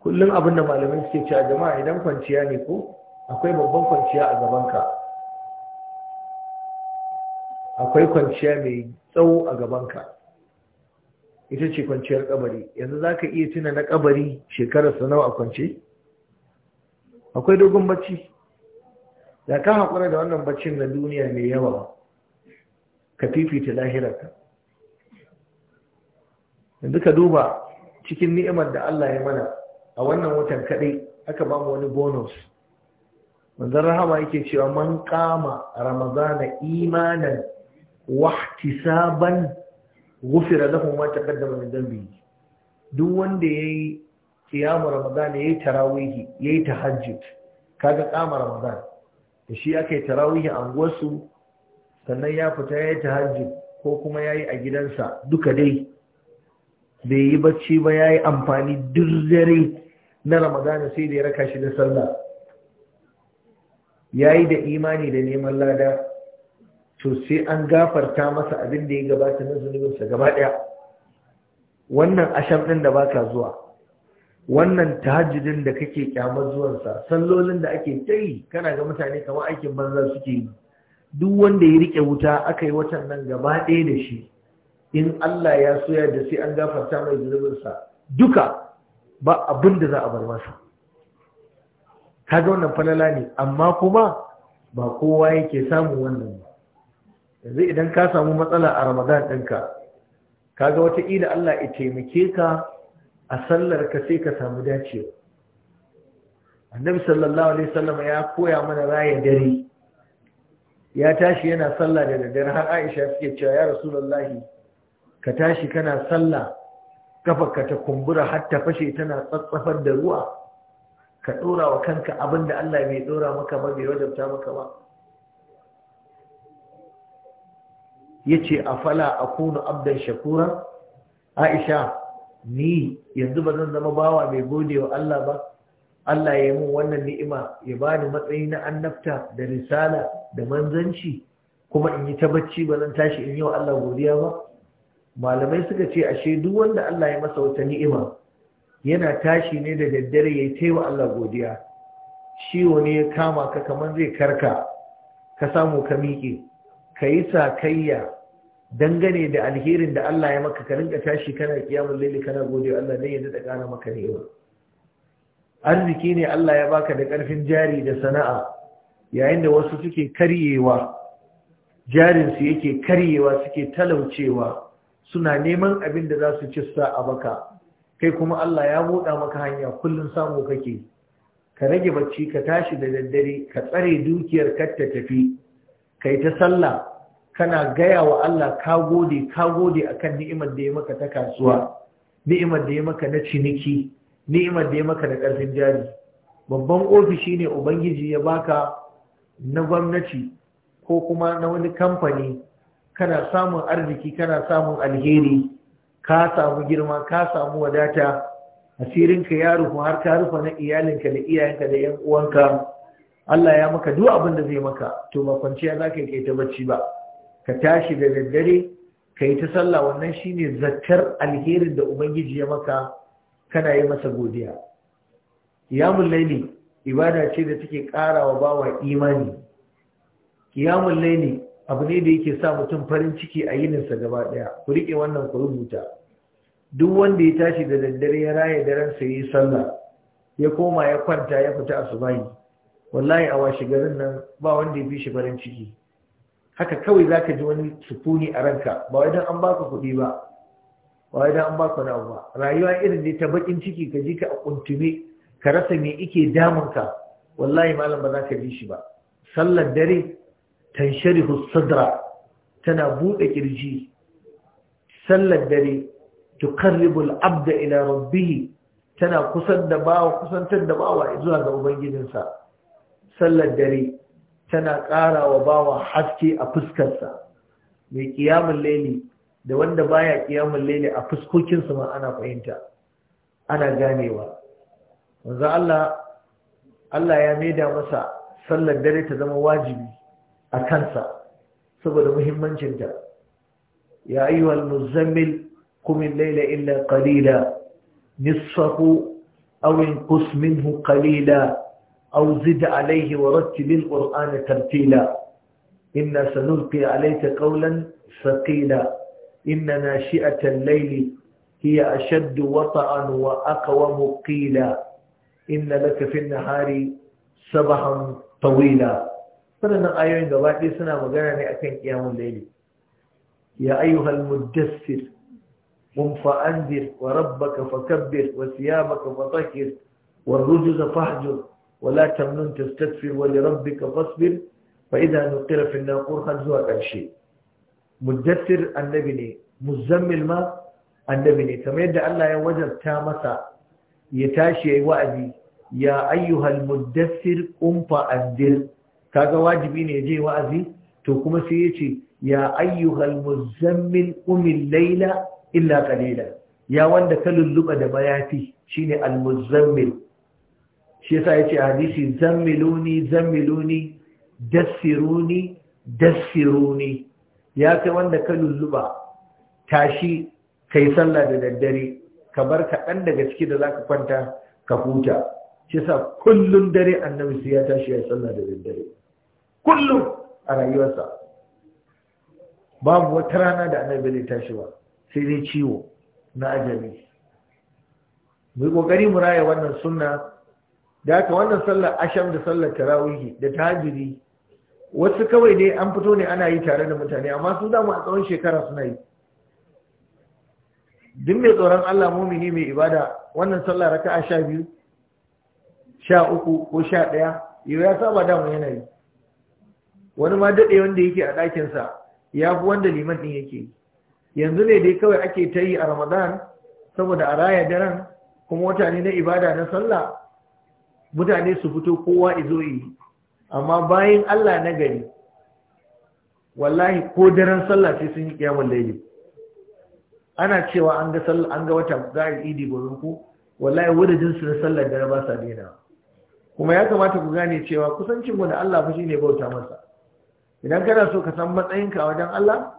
kullum abin da malamai suke cewa jama'a idan kwanciya ne ko akwai babban kwanciya a gabanka akwai kwanciya mai tsawo a gabanka ita ce kwanciyar kabari yanzu za ka iya tuna na kabari shekarar nawa a kwance akwai dogon bacci da ka haƙura da wannan baccin na duniya mai yawa ka fifita lahirarka yanzu ka duba cikin ni'imar da Allah ya mana a wannan watan kaɗai aka ba mu wani bonus manzon rahama yake cewa man kama ramazana imanan wahtisaban gufira lahu ma taqaddama min zambi. duk wanda yayi kiyamu ramadan yayi tarawih yayi tahajjud kaga kama ramadan da shi yi tarawih a unguwarsu sannan ya fita yayi tahajjud ko kuma yayi a gidansa duka dai bai yi bacci ba ya yi amfani duk dare na ramadana sai da ya raka shi da sallah ya yi da imani da neman lada to sai an gafarta masa abin da ya gabata na zunubinsa gaba daya wannan asham ɗin da baka zuwa wannan tahajjudin da kake kyamar zuwansa sallolin da ake ta yi kana ga mutane kamar aikin banza suke yi duk wanda ya rike wuta aka yi watan nan gaba ɗaya da shi in Allah ya soya da sai an gafarta mai zunubinsa duka ba abin da za a bar masa kaga wannan falala ne amma kuma ba kowa yake samu wannan ba yanzu idan ka samu matsala a ramadan ɗinka kaga wataƙila Allah ya taimake ka a sallar ka sai ka samu dacewa annabi sallallahu alaihi wasallam ya koya mana raya dare ya tashi yana sallah da daddare har Aisha suke cewa ya rasulullahi ka tashi kana sallah kafarka ta kumbura har ta fashe tana tsatsafar da ruwa ka dora wa kanka abin da Allah bai dora maka ba bai wajabta maka ba yace afala akunu abdan shakura Aisha ni yanzu ba zan zama bawa mai gode wa Allah ba Allah ya yi mun wannan ni'ima ya bani matsayi na annabta da risala da manzanci kuma in yi ta bacci ba zan tashi in yi wa Allah godiya ba malamai suka ce ashe duk wanda Allah ya masa wata ni'ima yana tashi ne da daddare ya yi wa Allah godiya Shi wani ya kama ka kamar zai karka ka samu ka miƙe ka yi sakayya dangane da alherin da Allah ya maka ka rinka tashi kana kiyamun laili kana godiya Allah ne ya daɗa kana maka ni'ima arziki ne Allah ya baka da ƙarfin jari da sana'a yayin da wasu suke karyewa jarinsu yake karyewa suke talaucewa suna neman abin da za su ci sa a baka kai kuma Allah ya buɗa maka hanya kullum samu kake ka rage bacci ka tashi da daddare ka tsare dukiyar kar ta tafi kai ta sallah kana gaya wa Allah ka gode ka gode akan ni'imar da ya maka ta kasuwa ni'imar da ya maka na ciniki ni'imar da ya maka na karfin jari babban ofishi ne ubangiji ya baka na gwamnati ko kuma na wani kamfani kana samun arziki kana samun alheri ka samu girma ka samu wadata asirinka ya rufu har ka rufa na iyalinka da iyayenka da yan uwanka Allah ya maka duk abin da zai maka to ba kwanciya za ka yi ta bacci ba ka tashi da daddare ka yi ta sallah wannan shine zakkar alherin da ubangiji ya maka kana yi masa godiya qiyamul laili ibada ce da take ƙara wa bawa imani qiyamul laili abu ne da yake sa mutum farin ciki a yininsa gaba ɗaya ku riƙe wannan ku rubuta duk wanda ya tashi da daddare ya raya daren sa yi sallah ya koma ya kwanta ya fita asubahi wallahi a washe garin nan ba wanda ya fi shi farin ciki haka kawai za ka ji wani sukuni a ranka ba wai don an baka kuɗi ba ba wai don an baka wani ba rayuwa irin ne ta bakin ciki ka ji ka a kuntume ka rasa me ike damunka wallahi malam ba za ka ji shi ba sallar dare tansharihu sadra tana buɗe kirji sallar dare tuqarribu al-abda ila rabbih tana kusan da bawa kusantar da bawa zuwa ga ubangijinsa sallar dare tana ƙara wa bawa haske a fuskarsa mai ƙiyamun laili da wanda baya ƙiyamun laili a fuskokinsu ma ana fahimta ana ganewa wanzu Allah Allah ya maida masa sallar dare ta zama wajibi a kansa saboda muhimmancinta ya ayyuhal muzammil qum al-layla illa qalila nisfahu aw inqus minhu qalila aw zid alayhi wa rattil al-qur'ana tartila inna sanulqi alayka qawlan thaqila inna nashi'ata al-layli hiya ashaddu wata'an wa aqwamu qila inna laka fi an-nahari sabahan طويلا waɗannan ayoyin gaba ɗaya suna magana ne akan kiyamun laili ya ayyuhal muddassir qum fa anzir wa rabbaka fakabbir wa siyamaka fatahhir wa rujuza fahjur wa la tamnun tastakbir wa li rabbika fasbir fa idha nuqira fi an-naqur har zuwa ƙarshe muddassir annabi ne muzammil ma annabi ne kamar yadda Allah ya wajabta masa ya tashi yayi wa'azi ya ayyuhal muddassir qum fa anzir kaga wajibi ne je wa'azi to kuma sai yace ya ayyuhal muzammil umil layla illa qalila ya wanda ka lulluba da mayafi shine al muzammil shi yasa yace hadisi zammiluni zammiluni dassiruni dassiruni ya kai wanda ka lulluba tashi kai sallah da daddare ka bar kaɗan daga ciki da za ka kwanta ka huta shi yasa kullun dare annabi sai ya tashi ya sallah da daddare kullum a rayuwarsa babu wata rana da annabi bai tashi ba sai dai ciwo na ajami mu yi kokari mu raya wannan sunna da haka wannan sallar asham da sallar tarawih da tahajjudi wasu kawai dai an fito ne ana yi tare da mutane amma su damu a tsawon shekara suna yi duk mai tsoron Allah mumini mai ibada wannan sallar raka'a sha biyu sha uku ko sha ɗaya yau ya saba damu yanayi yi wani ma daɗe wanda yake a ɗakinsa ya fi wanda liman ɗin yake yanzu ne dai kawai ake ta yi a ramadan saboda a raya daren kuma wata ne na ibada na sallah mutane su fito kowa izo yi amma bayan allah na gari wallahi ko daren sallah sai sun yi kiyamun laili ana cewa an ga sallah an ga wata za a idi gurin ku wallahi wadadin su na sallah da ba sa daina kuma ya kamata ku gane cewa kusancin mu da Allah fa shine bauta masa idan kana so ka san matsayinka a wajen Allah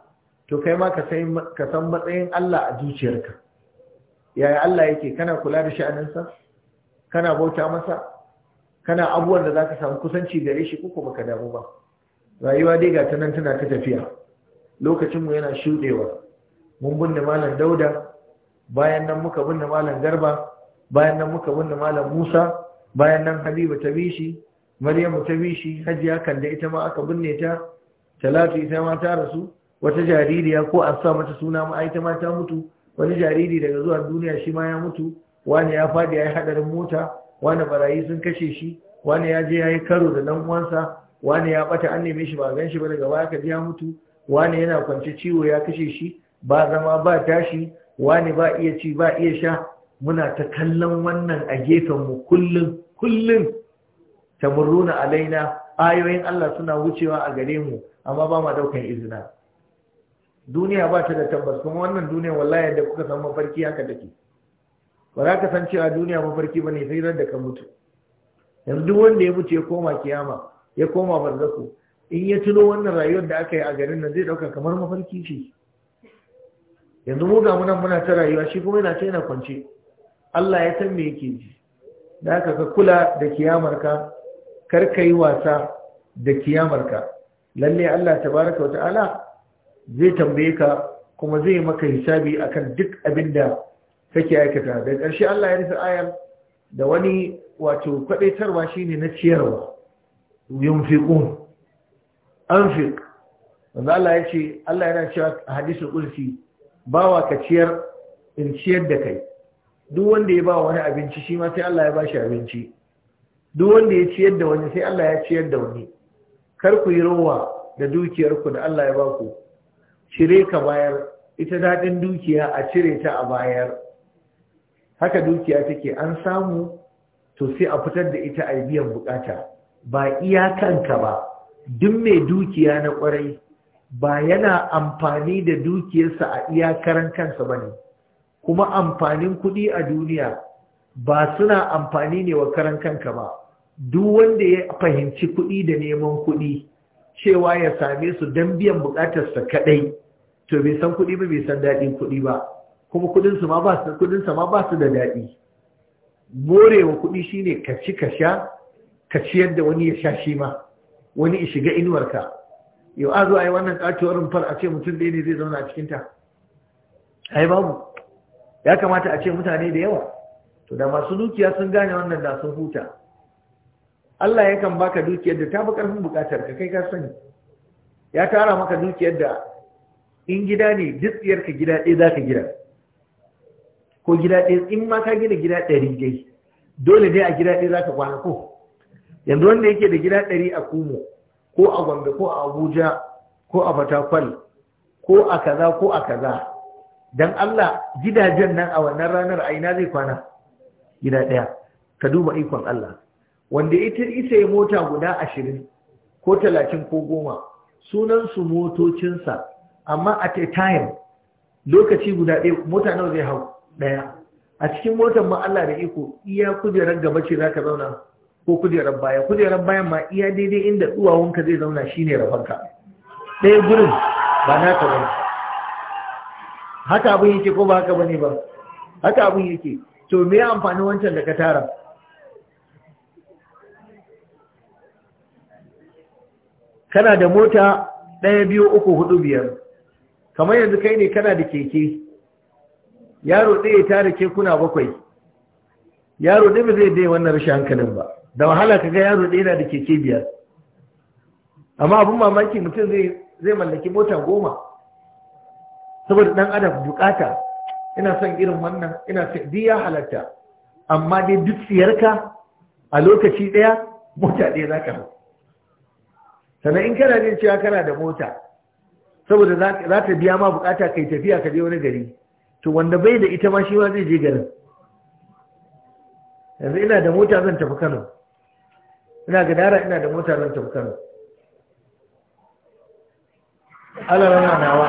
to kai ma ka san matsayin Allah a zuciyarka yaya Allah yake kana kula da sha'aninsa kana bauta masa kana abubuwan da za ka samu kusanci gare shi kuku baka damu ba rayuwa dai ga tanan tana ta tafiya lokacinmu yana shuɗewa mun binne malam dauda bayan nan muka binne malam garba bayan nan muka binne malam musa bayan nan habiba ta shi. maryamu ta bi shi hajiya kanda ita ma aka binne ta talatu ita ma ta rasu wata jaririya ko an sa mata suna ma ita ma ta mutu wani jariri daga zuwa duniya shi ma ya mutu wani ya fadi ya yi hadarin mota wani barayi sun kashe shi wani ya je ya yi karo da dan uwansa wani ya bata an neme shi ba gan shi ba daga baya ka ji ya mutu wani yana kwance ciwo ya kashe shi ba zama ba tashi wani ba iya ci ba iya sha muna ta kallon wannan a gefen mu kullum kullum tamurruna alaina ayoyin Allah suna wucewa a gare mu amma ba ma daukan izina duniya ba ta da tabbas kuma wannan duniya wallahi yadda kuka san mafarki haka take ba za ka san cewa duniya mafarki bane sai ran da ka mutu yanzu duk wanda ya mutu ya koma kiyama ya koma Barzaku, in ya tuno wannan rayuwar da aka yi a garin nan zai dauka kamar mafarki ce yanzu mu ga munan muna ta rayuwa shi kuma yana ta yana kwance Allah ya san me yake ji da haka ka kula da kiyamarka kar ka yi wasa da kiyamarka lalle Allah tabaraka wa ta'ala zai tambaye ka kuma zai maka hisabi akan duk abin da kake aikata da ƙarshe Allah ya rufe ayar da wani wato kwadaitarwa shine na ciyarwa yunfiqun anfiq wanda Allah ya ce Allah yana cewa a hadisul bawa ka ciyar in ciyar da kai duk wanda ya ba wani abinci shi ma sai Allah ya bashi abinci duk wanda ya ciyar da wani sai Allah ya ciyar da wani kar ku yi rowa da dukiyarku da Allah ya ba ku cire ka bayar ita daɗin dukiya a cire ta a bayar haka dukiya take an samu to sai a fitar da ita a biyan bukata ba iya kanka ba duk mai dukiya na kwarai ba yana amfani da dukiyarsa a iyakaran kansa ba ne kuma amfanin kuɗi a duniya ba suna amfani ne wa karan kanka ba duk wanda ya fahimci kuɗi da neman kuɗi cewa ya same su don biyan buƙatarsa kaɗai to bai san kuɗi ba bai san daɗin kuɗi ba kuma kuɗinsu ma ba su kuɗinsa ma ba su da daɗi morewa kuɗi shine ka ci ka sha ka ciyar da wani ya sha shi ma wani ya shiga inuwarka yau a zo a yi wannan ƙatuwar rumfar a ce mutum ɗaya ne zai zauna a cikinta ai babu ya kamata a ce mutane da yawa to da masu dukiya sun gane wannan da sun huta Allah yakan baka dukiyar da ta fi ƙarfin buƙatar ka kai ka sani ya tara maka dukiyar da in gida ne dutsiyar ka gida ɗaya za ka gida ko gida ɗaya in ma ka gina gida ɗari dai dole dai a gida ɗaya za ka kwana ko yanzu wanda yake da gida ɗari a kumo ko a gombe ko a abuja ko a fatakwal ko a kaza ko a kaza don allah gidajen nan a wannan ranar a ina zai kwana gida ɗaya ka duba ikon allah wanda ita isa mota guda ashirin ko talatin ko goma sunansu motocinsa amma at a time lokaci guda ɗaya mota nawa zai hau ɗaya a cikin motar ma Allah da iko iya kujerar gaba ce zaka zauna ko kujerar baya kujerar bayan ma iya daidai inda duwawunka zai zauna shine rafanka ɗaya gurin ba ka bane haka abin yake ko ba haka bane ba haka abin yake to me amfani wancan da ka tara kana da mota ɗaya biyu uku hudu biyar kamar yanzu kai ne kana da keke yaro ɗaya tara kekuna bakwai yaro ɗaya ba zai dai wannan rashin hankalin ba da wahala ka ga yaro ɗaya na da keke biyar amma abin mamaki mutum zai mallaki mota goma saboda ɗan adam bukata ina son irin wannan ina son duk ya halatta amma dai duk siyarka a lokaci ɗaya mota ɗaya za ka hau sannan in kana jin cewa kana da mota saboda za ta biya ma bukata kai tafiya ka je wani gari to wanda bai da ita ma shi ma zai je garin yanzu ina da mota zan tafi Kano ina ga dara ina da mota zan tafi Kano Allah rana nawa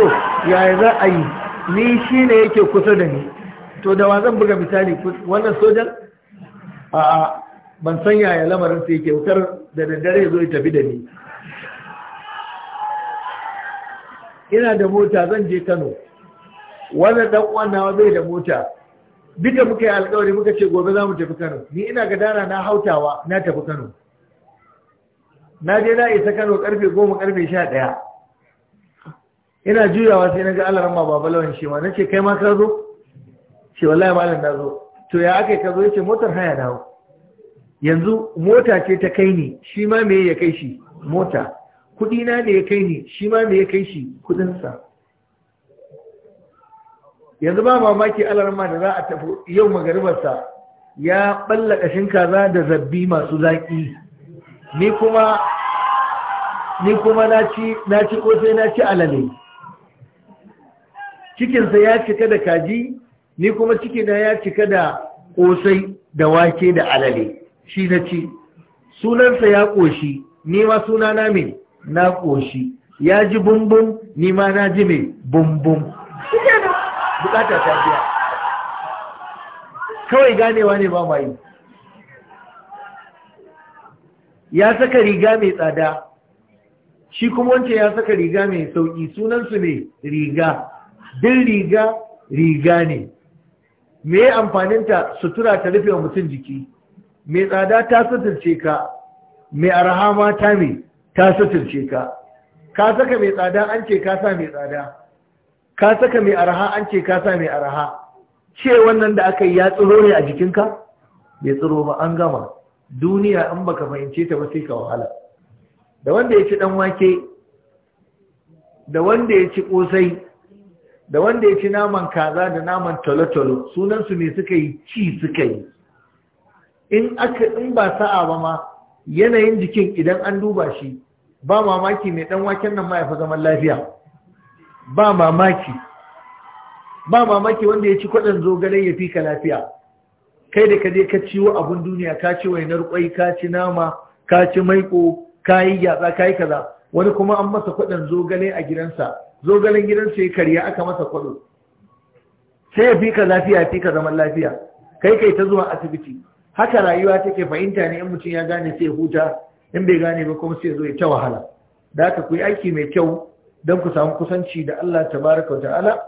to yaya za a yi ni shi ne yake kusa da ni to da wa zan buga misali wannan sojan a'a ban san yaya lamarin su yake wutar da daddare zo ya tafi da ni ina da mota zan je kano wanda dan uwana bai da mota duka muka yi alkawari muka ce gobe za mu tafi kano ni ina ga dana na hautawa na tafi kano na je na isa kano karfe goma karfe sha ɗaya ina juyawa sai na ga alaran ma baba lawan shi ma na ce kai ma ka zo shi wallahi malam na zo to ya aka ka zo ya ce motar haya dawo yanzu mota ce ta kai ni shi ma me ya kai shi mota kudi na da ya kai ni shi ma me ya kai shi kudinsa yanzu ba mamaki alarma da za a tafi yau magaribarsa ya balla kashin kaza da zabbi masu zaki ni kuma ni kuma na ci na ci kosai na ci alale cikinsa ya cika da kaji ni kuma cikina ya cika da kosai da wake da alale shi na ci sunansa ya ƙoshi ni ma na me na ƙoshi ya ji bumbum ni ma na ji me bumbum bukata ta biya kawai ganewa ne ba mai ya saka riga mai tsada shi kuma wance ya saka riga mai sauƙi sunansu ne riga din riga riga ne me amfaninta sutura ta rufe wa mutum jiki mai tsada ta suturce ka mai arhama ta mai ta suturce ka ka saka mai tsada an ce ka sa mai tsada ka saka mai arha an ce ka sa mai arha ce wannan da aka yi ya tsoro ne a jikinka bai tsoro ba an gama duniya in baka fahimce ta ba sai ka wahala da wanda ya ci dan wake da wanda ya ci kosai da wanda ya ci naman kaza da naman tolotolo sunansu ne suka yi ci suka yi in aka in ba sa'a ba ma yanayin jikin idan an duba shi ba mamaki mai dan waken nan ma ya fi zaman lafiya ba mamaki ba mamaki wanda ya ci zo zogale ya fi ka lafiya kai da ka je ka ciwo abun duniya ka ci wainar kwai ka ci nama ka ci maiko ka yi gyatsa ka yi kaza wani kuma an masa zo zogale a gidansa zogalen gidansa ya karya aka masa kwaɗo sai ya fi ka lafiya ya fi ka zaman lafiya kai kai ta zuwa asibiti haka rayuwa take fahimta ne in mutum ya gane sai huta in bai gane ba kuma sai zo ya ta wahala da haka ku yi aiki mai kyau don ku samu kusanci da Allah Ta wa ta'ala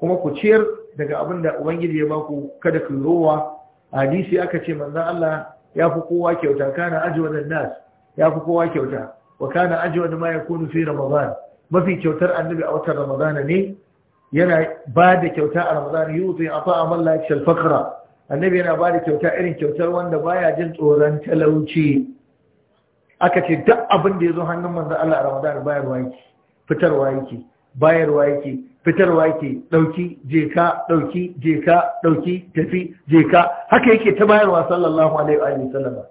kuma ku ciyar daga abin da ubangiji ya baku kada ku rowa hadisi aka ce manzon Allah ya fi kowa kyauta kana ajwadan nas ya fi kowa kyauta wa kana ajwad ma yakunu fi ramadan mafi kyautar annabi a watan ramadana ne yana ba da kyauta a ramadana yuti ata man la yakshal faqra annabi yana ba da kyauta irin kyautar wanda baya jin tsoron talauci aka ce duk abin da ya zo hannun manzan Allah a Ramadan bayarwa yake fitarwa yake bayarwa yake fitarwa yake ɗauki je ka ɗauki je ka ɗauki tafi je ka haka yake ta bayarwa sallallahu alaihi wa sallama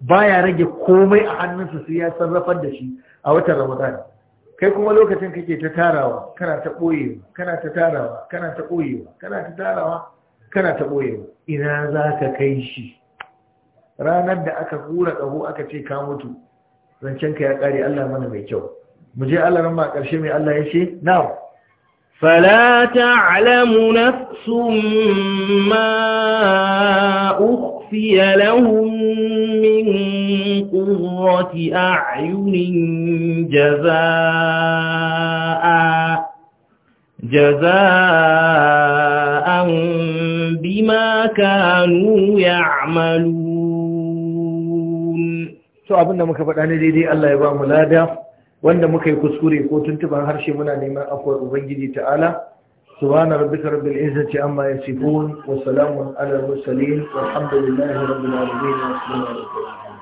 baya rage komai a hannunsa sai ya sarrafar da shi a watan Ramadan kai kuma lokacin kake ta tarawa kana ta ɓoyewa kana ta tarawa kana ta ɓoyewa kana ta tarawa kana ta ɓoye ina za ka kai shi ranar da aka hura ƙaho aka ce ka mutu zancen ya ƙare Allah mana mai kyau mu je Allah ran ma ƙarshe mai Allah ya ce now فلا تعلم نفس ما أخفي لهم min قرة أعين جزاء جزاء بما كانوا يعملون to abinda muka faɗa ne daidai Allah ya ba mu lada wanda muka yi kuskure ko tuntuban harshe muna neman afuwar ubangiji ta'ala subhana rabbika rabbil izzati amma yasifun wa salamun ala mursalin walhamdulillahi rabbil alamin wa assalamu alaikum